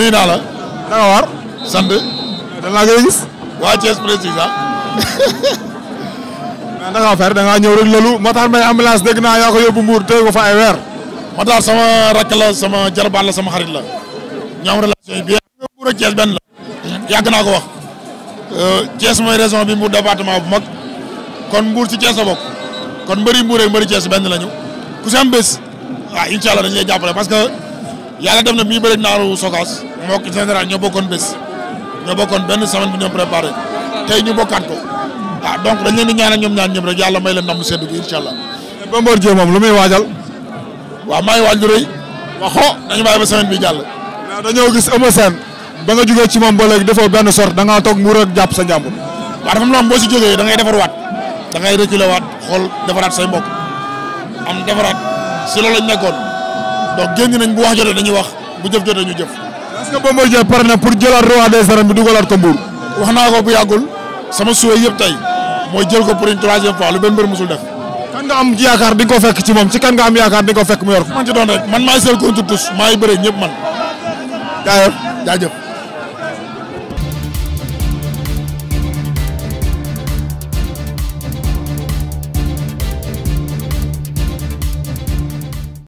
nuyu aa la. da nga war. sant. dañ laa gën a gis. waa Thiès président. Ah. mais da ngaa fer da ngaa ñëw rek loolu Matar Mbaye ambulance dégg naa yaa ko yóbbu Mbour tey ko fa ay weer. sama rakk la sama jarbaat la sama xarit la. ñoo am relation yi bi Mbour la. yàgg naa ko wax. Euh, bu mag. kon Mbour ci Thiès la kon mbëri Mbour ak mbëri Thiès benn lañu. ku si bés. waaw ah, incha allah dañu lay jàppale parce que yàlla def na mi ngi bëri naaru Sokaas. mok général ñu bokkon bés ñu bokkon ben semaine bu ñu préparer tay ñu bokkaat ko ah donc dañ leen di ñaanal ñom ñaan ñom rek yalla may leen ndam seen inshallah ba mbor jëm mom lu muy wajal wa may wajju reuy lu rëy. dañu bàyyi ba semaine bi jall mais dañoo gis Eumeu sen ba nga jógee ci mom ba léegi defo ben sort da nga tok mu rek japp sa jambu waaw dafa am bo ci jógee da ngay wat da ngay reculer wat xol defaraat say mbokk am defaraat ci loolu lañ nekkon do génn nañ bu wax jotté dañuy wax bu jëf jotté ñu jëf est-ce pare na pour jëlaat roi des arènes bi dugalaat ko Mbour. wax ko bu yàggul sama suwee yëpp tey mooy jël ko pour une troisième fois lu benn mbër musul def. kan nga am yaakaar di nga ko fekk ci moom ci kan nga am yaakaar di ko fekk mu yor ko. man ci doon rek man maay seul contre tous maay bëre ñëpp man. jaajëf jaajëf.